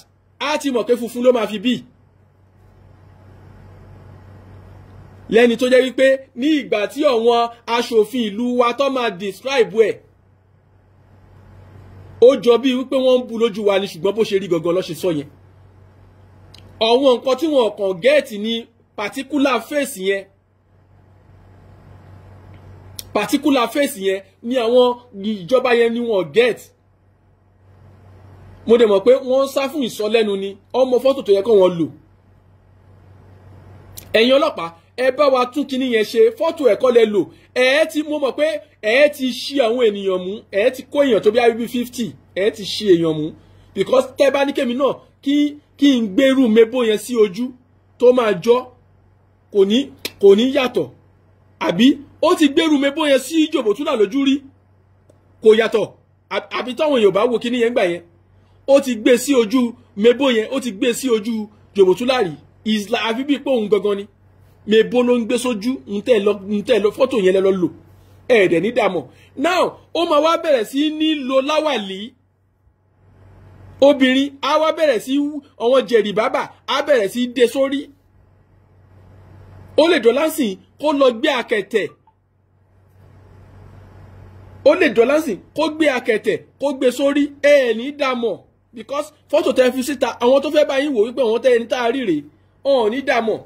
á ti mọ̀ pé funfun ló máa fi bíi lẹ́ni tó jẹ́ wípé ní ìgbà tí àwọn aṣòfin ìlú wa tó máa describe ẹ̀ ó jọ bíi wípé wọ́n ń bu lójú wa ni ṣùgbọ́n bó ṣe rí gangan lọ́ṣẹ̀ sọ yẹn àwọn nǹkan tí wọn kàn gẹ́ẹ̀tì ni particular face yẹn particular face yẹn ni àwọn ìjọba yẹn ni wọn gẹ́ẹ̀tì mo dẹ̀ mọ̀ pé wọ́n ń sá fún ìsọlẹ́nu ni ọmọ fọ́tò tó yẹ kó wọn lò ẹ̀yin ọlọ́pàá ẹ bá wa tún kinní yẹn ṣe fọ́tò ẹ̀kọ́ lẹ lò ẹ ti mo mọ̀ pé ẹ ti ṣí àwọn ènìyàn mú ẹ ti kó èèyàn tó bí abíbí fifty ẹ ti ṣí èèyàn mú because tẹ́ bá ní kémi náà kí kí n gbèrú mebo yẹn sí ojú tó máa jọ kò ní kò ní yàtọ̀ àbí ó ti gbèrú mebo yẹn sí jòbótúnà lójú rí kò yàtọ̀ àbí táwọn èèyàn bá wo kinní yẹn gbà yẹn ó ti gbé sí ojú mebo yẹn ó ti gbé sí ojú jòbótúnà rí isla àfi bíi pé òun gangan ni mebo ló ń gbé sójú ntẹ lọ fọ́tò yẹn lẹ lọ lò ẹ̀ẹ́dẹ̀ e ní dàmọ̀ now ó máa wá bẹ̀rẹ̀ sí ní lo láwàlí obìnrin á wá bẹ̀rẹ̀ sí ọ̀wọ́n jẹ̀rì bábà á bẹ̀rẹ̀ sí de sórí ó lè dọ́là sìn kó lọ gbé akẹ̀tẹ̀ ó lè dọ́là sìn kó gbé akẹ̀tẹ̀ kó gbé sórí ẹ̀ẹ́ e ní dàmọ̀ because fọ́tò tẹ fi síta àwọn tó fẹ́ bá yín wò wípé àwọn tẹ́ ẹni tá a rí rèé ọ̀hún ní dàmọ̀.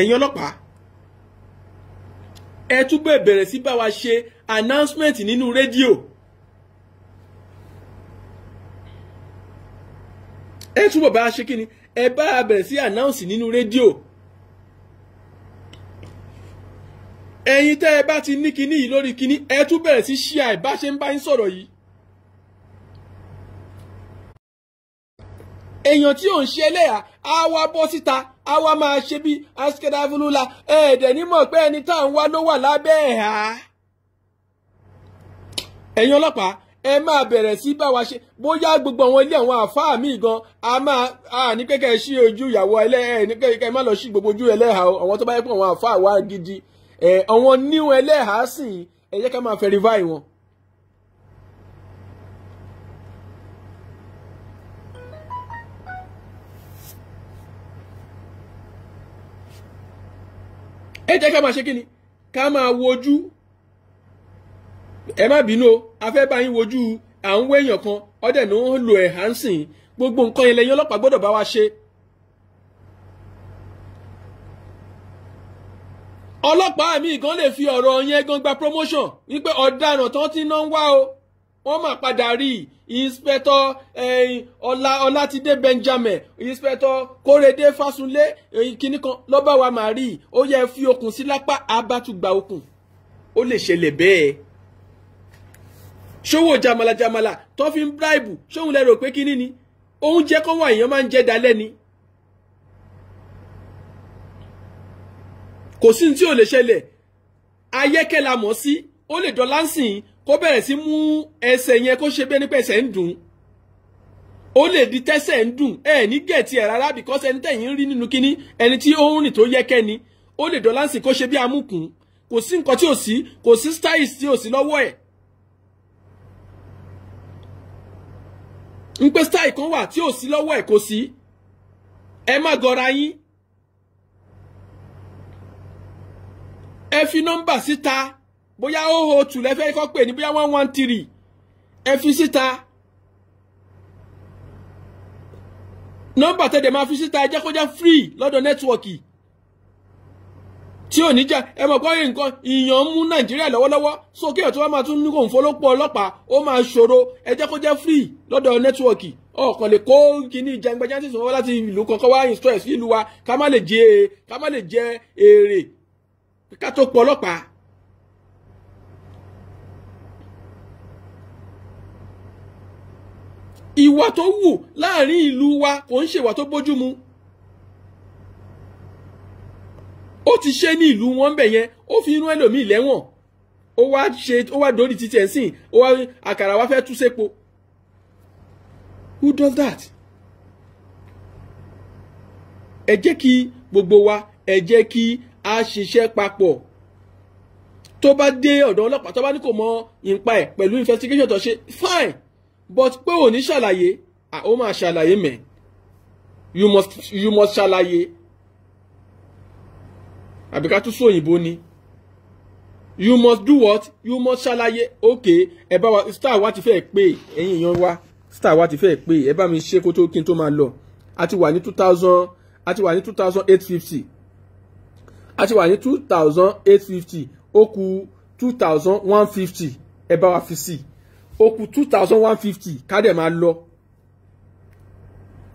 ẹ̀yin ọlọ́pàá ẹ túbọ̀ bẹ̀rẹ̀ sí bá wa ṣe announcement nínú rédíò ẹ túbọ̀ bá wa ṣe kí ni ẹ bá a bẹ̀rẹ̀ sí announce nínú rédíò ẹ̀yin tẹ́ ẹ bá ti ní kinní yìí lórí kinní ẹ tún bẹ̀rẹ̀ sí ṣíà ẹ̀ bá ṣe ń bá yín sọ̀rọ̀ yìí èèyàn tí ò ń ṣe ẹlẹ́yà á wá bọ́ síta á wá máa ṣe bí askẹ́dáfúlúla ẹ̀ẹ́dẹ̀ ní mọ̀ pé ẹni tá à ń wá ló wà lábẹ́ ẹ̀ ha. ẹ̀yin ọlọ́pàá ẹ máa bẹ̀rẹ̀ sí bá wa ṣe bóyá gbogbo àwọn ilé àwọn àfáà míì gan a máa a ní kẹ́kẹ́ ṣí ojú ìyàwó ẹlẹ́ẹ̀ ní kẹ́kẹ́ má lọ ṣí gbogbo ojú ẹlẹ́hà àwọn tó bá yẹ pé àwọn àfáà wá gidi àwọn níwọ̀n ẹlẹ́hà sìn ẹ jẹ́ ká máa fẹ́ rìváì wọn. ẹ jẹ́ ká máa ṣe kí ni ká máa wojú ẹ má bínú o a fẹ́ bá yín wojú à ń wé èèyàn kan ọdẹ ní ó ń lo ẹ̀ hansen gbogbo nǹkan yẹn lẹ́yìn ọlọ́pàá gbọ́dọ̀ bá wa ṣe. ọlọ́pàá mi gan lè fi ọ̀rọ̀ yẹn gan gba promotion wípé ọ̀daràn tán ti náà ń wá o wọ́n máa padà rí inspector eh, ọlá ọlátidé benjamin inspector kórèdé fásunlé eh, kínní kan lọ́ba wa máa rí ó yẹ fi okùn sí lápá abátúgba okùn ó lè ṣẹlẹ̀ bẹ́ẹ̀ ṣòwò jamalajamala tó fi ń bíráìbù ṣòwò lẹ rò pé kínní ni oúnjẹ kan wà èèyàn máa ń jẹ dalẹ́ ni kò sí ní tí ò lè ṣẹlẹ̀ ayẹ́kẹ́ la mọ̀ sí ó lè dọ̀ láǹsìn kó bẹ̀rẹ̀ sí mú ẹsẹ̀ yẹn kó ṣe bí ẹni pé ẹsẹ̀ ń dùn ó lè di tẹ́sẹ̀ ń dùn ẹ ní gẹ̀ẹ́tì ẹ̀ rárá because ẹni tẹ̀yìn ń rí nínú kínní ẹni tí ó ń rìn tó yẹ́kẹ́ ni ó lè dọ́là sí kó ṣe bí amúkùn kò sí nǹkan tí ò sí kò sí styles tí ò sí lọ́wọ́ ẹ̀ ń pé style kan wà tí ò sí lọ́wọ́ ẹ̀ kò sí ẹ má gọra yín ẹ fi nọ́mbà síta. Si bóyá oho tù lẹ́fẹ́ kọ́ pè ní bóyá one one three ẹ fi síta nọ́mbà tẹ̀dẹ̀ máa fi síta ẹ kó jẹ́ free lọ́dọ̀ nẹ́tíwọ̀kì tí ò ní jà ẹ mọ̀ pé nǹkan ìyàn ń mú nàìjíríà lọ́wọ́lọ́wọ́ sókè ọ̀tún wa máa tún ní kò fọlọ́pọ̀ ọlọ́pàá ó máa ṣòro ẹ kó jẹ́ free lọ́dọ̀ nẹ́tíwọ̀kì ọ̀kan lè kó kíní ìjàngbẹ́jà sísun wọn láti ìlú kankan wá install sí ìlú wa ká má lè jẹ ká má lè jẹ èrè ká tó pọ̀ ọlọ́pàá ìwà tó wù láàrin ìlú wa kò ń ṣèwà tó bójú mu ó ti ṣe ní ìlú wọn bẹ̀ yẹn ó fi inú ẹlòmíì lẹ́wọ̀n ó wá ṣe ó wá dórí títí ẹ̀ sìn ó wá àkàrà wá fẹ́ tú sépo who does that ẹ jẹ́ kí gbogbo wa ẹ jẹ́ kí a ṣiṣẹ́ papọ̀ tó bá dé ọ̀dọ̀ ọlọ́pàá tó bá ní kò mọ ìpa ẹ̀ pẹ̀lú investigation tó ṣe fine but pé ò ní ṣàlàyé ó máa ṣàlàyé mẹ́ you must you must ṣàlàyé àbí ká tún sóyìnbó ni you must do what you must ṣàlàyé okay ẹ bá wa star wa ti fẹ́ pé ẹ̀yin èèyàn wa star wa ti fẹ́ pé ẹ bá mi ṣe kó tó kí n tó máa lọ a ti wà ní two thousand a ti wà ní two thousand eight fifty a ti wà ní two thousand eight fifty ó kù two thousand one fifty ẹ bá wa fi sí i. Oku kù two thousand one fifty ká dẹ̀ máa lọ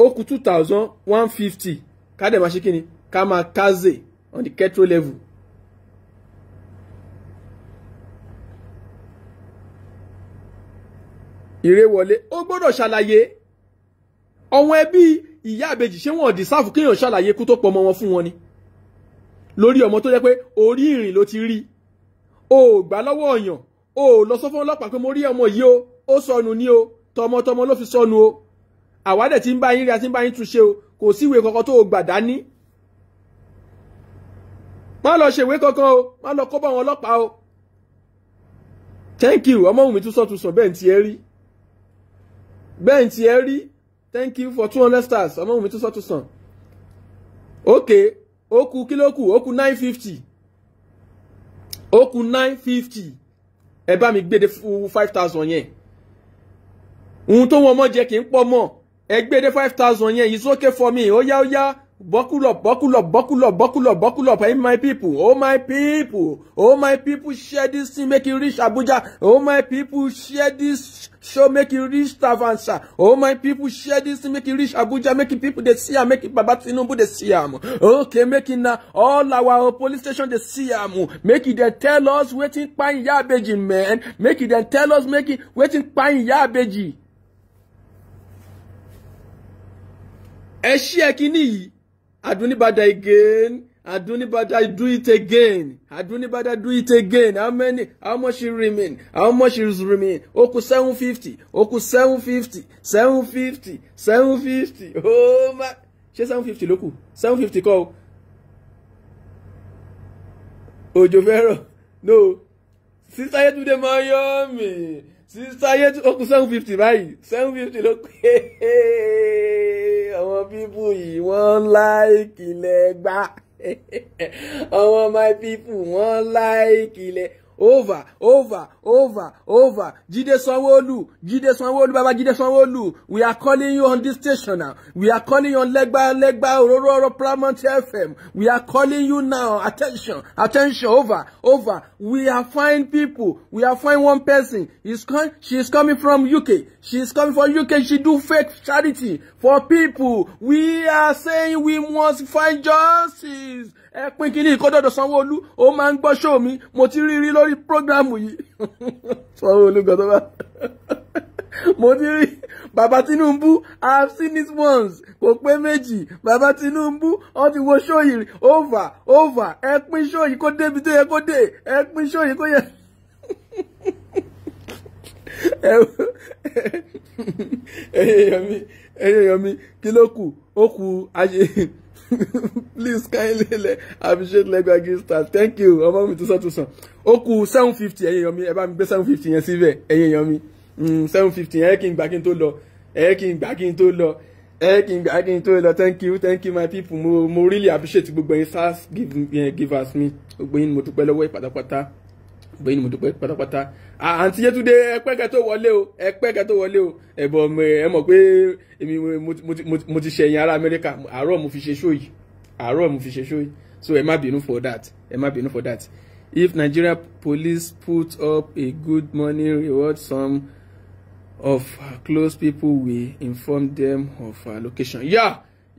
ó kù two thousand one fifty ká dẹ̀ máa ṣe kí ni ká máa káze on the ketro level. ìrè wọlé ó gbọ́dọ̀ ṣàlàyé ọ̀wọ́n ẹbí ìyá àbèjì ṣé wọ́n dìsáàfù kéèyàn ṣàlàyé kú tó pọ̀ mọ́ wọn fún wọn ni lórí ọmọ tó jẹ́ pé orí ìrìn ló ti rí o ò gbà lọ́wọ́ ọ̀yàn o ò lọ sọ fún ọlọ́pàá pé mo rí ọmọ yìí o ó sọnù ni o tọmọtọmọ ló fi sọnù o àwa dẹ̀ ti ń bá yín rí a ti ń bá yín túnṣe o kò sí ìwé kankan tó o gbà dání má lọ ṣèwé kankan o má lọ kó bá wọn ọlọ́pàá o thank you ọmọ mi tún sọ tún sọ bẹ́ẹ̀ ti ẹ rí bẹ́ẹ̀ ti ẹ rí thank you for two hundred stars ọmọ mi tún sọ tún sàn ok ó kù kí ló kù ó kù nine fifty ó kù nine fifty ẹ bá mi gbé dé five thousand yẹn ohun tó wọn mọ jẹ kì í pọ̀ mọ́ ẹ gbé five thousand yẹn it's okay for me Oya oya ó yá buckle up buckle up buckle up buckle up buckle up hey my people oh my people oh my people share this thing make you reach Abuja oh my people share this show make e reach tavansa oh my people share this, make e reach abuja make people they see am make baba tinubu they see am okay make now all our police station they see am make e dey tell us wetin kpai yabeji man make e dey tell us make waiting kpai yabeji ẹ ṣí ẹ kí nìyí àdúnibàdà again Adunibada do it again. Adunibada do it again. How many? How much remain? How much is remain? Ó kù 750. Ó kù 750. 750. 750. Oh my. Ṣé 750 ló kù? 750 kọ́ o. Òjò fẹ́ràn. No. Sísá Yétúndé máa yọ mí. Sísá Yétúndé ó Right. 750 báyìí. 750 Hey. kù. people, you won't like it. lẹ́gbàá. ọmọ my people wọ́n láìkì ilẹ̀ over over over over Jide Sanwo-Olu Jide Sanwo-Olu Baba Jide Sanwo-Olu we are calling you on this station now we are calling you on Legba Legba Ororo Paramount FM we are calling you now attention attention over over we are fine people we are fine one person he's con she is coming from UK She's coming for UK. She do fake charity for people. We are saying we must find justice. Ẹ pín kíní ìkọ́dọ̀dọ̀ Sanwó-Olú. Ó máa ń gbọ́ ṣó mi. Mo ti rí rí lórí prógrámù yìí. Sanwó-Olú gbọ́dọ̀ bá. Mo ti rí Bàbá Tinubu. I have seen it once. Kò pé méjì. Bàbá Tinubu. Ó ti wo ṣó yìí. Over over. Ẹ pín ṣó yìí kó débi tó yẹ kó dé. Ẹ pín ṣó yìí kó yẹ. ẹyẹyọmi ẹyẹyọmi kí ló kù ó kù ayé please kindly lẹ appreciate lẹgbàgì star thank you ọmọ mi tó sọ tó sàn ó kù seven fifty ẹyẹyọmi ẹ bá mi gbé seven fifty yẹn síbẹ̀ ẹyẹyọmi seven fifty yẹn kí n gbà kí n tó lọ ẹ kí n gbà kí n tó lọ ẹ kí n gbà kí n tó lọ thank you thank you my people mo mo really appreciate gbogbo yín stars give, give us me gbogbo yín mo dúpẹ́ lọ́wọ́ yín gbẹ̀yìn ni mo dúpẹ́ pátápátà àǹtí Yétúndé ẹpẹ́kẹ́ tó wọlé o ẹpẹ́kẹ́ tó wọlé o ẹ̀bọ̀ ẹ mọ̀ pé èmi mo ti ṣẹ̀yìn ará Amẹ́ríkà àárọ̀ mo fi ṣe show yìí àárọ̀ mo fi ṣe show so ẹ má bínú for that ẹ má bínú for that if Nigeria police put up a good money reward some of close people we inform them of our location. Yeah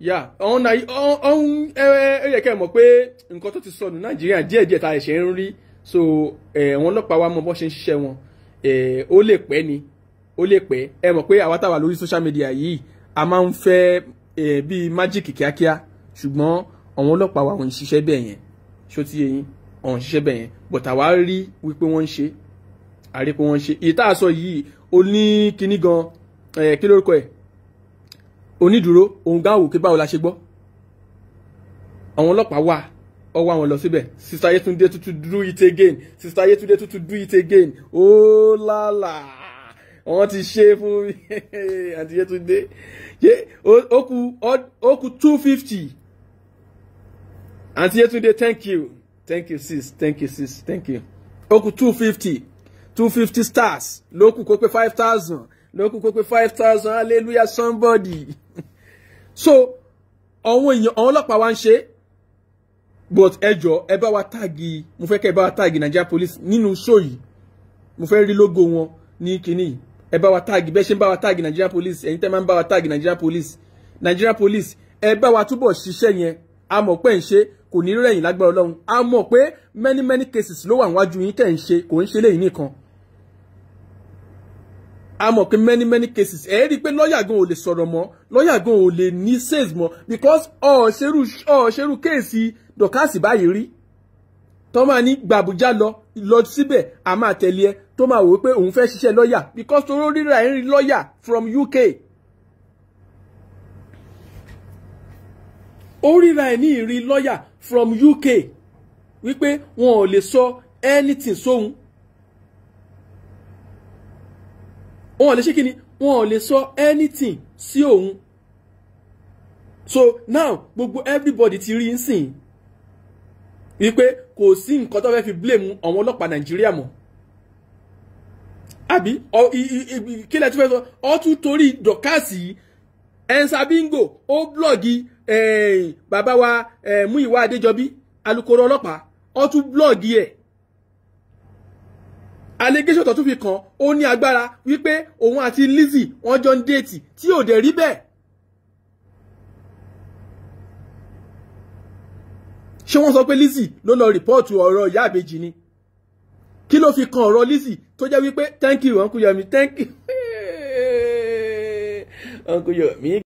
yà ọ̀hún ẹ ẹ yẹ kẹ́ ẹ mọ̀ pé nǹkan tó ti sọnù Nàìjíríà díẹ̀díẹ̀ tá a ṣe ń rí so eh, àwọn ọlọ́pàá wa mọ bó ṣe ń ṣiṣẹ́ wọn eh, ó lè pẹ́ ni ó lè pẹ́ ẹ mọ̀ pé àwa táwa lórí social media yìí a máa ń fẹ́ eh, bíi magic kíákíá ṣùgbọ́n àwọn ọlọ́pàá wa ò ń ṣiṣẹ́ bẹ́ẹ̀ yẹn ṣó ti ò ń ṣiṣẹ́ bẹ́ẹ̀ yẹn but àwa rí wípé wọ́n ń ṣe àrí pé wọ́n ń ṣe èyí tá a sọ yìí ó ní kinní gan kí lórúkọ ẹ̀ onídùúró òun gáwò kí báwo la ṣe gbọ́ àwọn ọlọ́pàá wà ọwọ́ àwọn lọ síbẹ̀ sista Yetunde tutu do it again sista Yetunde tutu do it again ó lálà wọ́n ti ṣe fún mi àti Yetunde ṣe ó kù two fifty àti Yetunde thank you thank you sis thank you sis thank you ó two fifty two fifty stars ló kù kó pé five thousand ló kù kó pé five thousand hallelujah somebody so àwọn èèyàn àwọn ọlọ́pàá wa ń ṣe but ẹ jọ ẹ bá wa táàgì mo fẹ́ kẹ́ ẹ bá wa táàgì Nigeria police nínú show yìí mo fẹ́ rí logo wọn ní kínní ẹ bá wa táàgì bẹ́ẹ̀ ṣe ń bá wa táàgì Nigeria police ẹ̀yin tẹ́ máa ń bá wa táàgì Nigeria police Nigeria police ẹ bá wa túbọ̀ ṣiṣẹ́ yẹn a mọ̀ pé ń ṣe kò ní rẹ̀yìn lágbára ọlọ́run a mọ̀ pé many many cases ló wà níwájú yín tẹ̀ ń ṣe kò ń ṣe léyìn nìkan a mọ̀ pé many many cases ẹ̀ rí i pé lọ́ọ̀yà gan ò lè sọ̀rọ̀ mọ́ lọ́ọ̀yà gan ò lè ní sales mọ́ because ọ̀ọ́ṣerú ọ̀ọ́ṣerú kéèsì dọ̀kásì báyìí rí tó máa ní gbàbújá lọ lọ síbẹ̀ a máa tẹ̀lé ẹ tó máa wò pé òun fẹ́ ṣiṣẹ́ lọ́ọ̀yà because tó rírà ẹ̀ ń rí lọ́ọ̀yà from UK. ó ríra ẹ̀ ní ìrí lọ́ọ̀yà from UK wípé wọn ò lè sọ anything sóhun wọn ò lè ṣe kí ni wọn ò lè sọ anything sí òun so now gbogbo everybody ti rí ń wípé kò sí nǹkan tó fẹ́ fi blame àwọn ọlọ́pàá nàìjíríà mọ́ àbí kí lẹ tún fẹ́ sọ ọ tún torí dọ̀kásì ẹnsa bingo ó blọ́ọ̀gì bàbá wa Múyìwá Adéjọbí alukoro ọlọ́pàá ọ tún blọ́ọ̀gì ẹ̀ allegation tó tún fi kàn ó ní agbára wípé òun àti Lizzy wọ́n jọ ń déètì tí ò dẹ̀ rí bẹ́ẹ̀. ṣé wọ́n sọ pé Lizzy ló lọ rìpọ́ọ̀tù ọ̀rọ̀ ìyá àbejì ni kí ló fi kan ọ̀rọ̀ Lizzy tó jẹ́ wípé thank you uncle Yomi thank you uncle Yomi.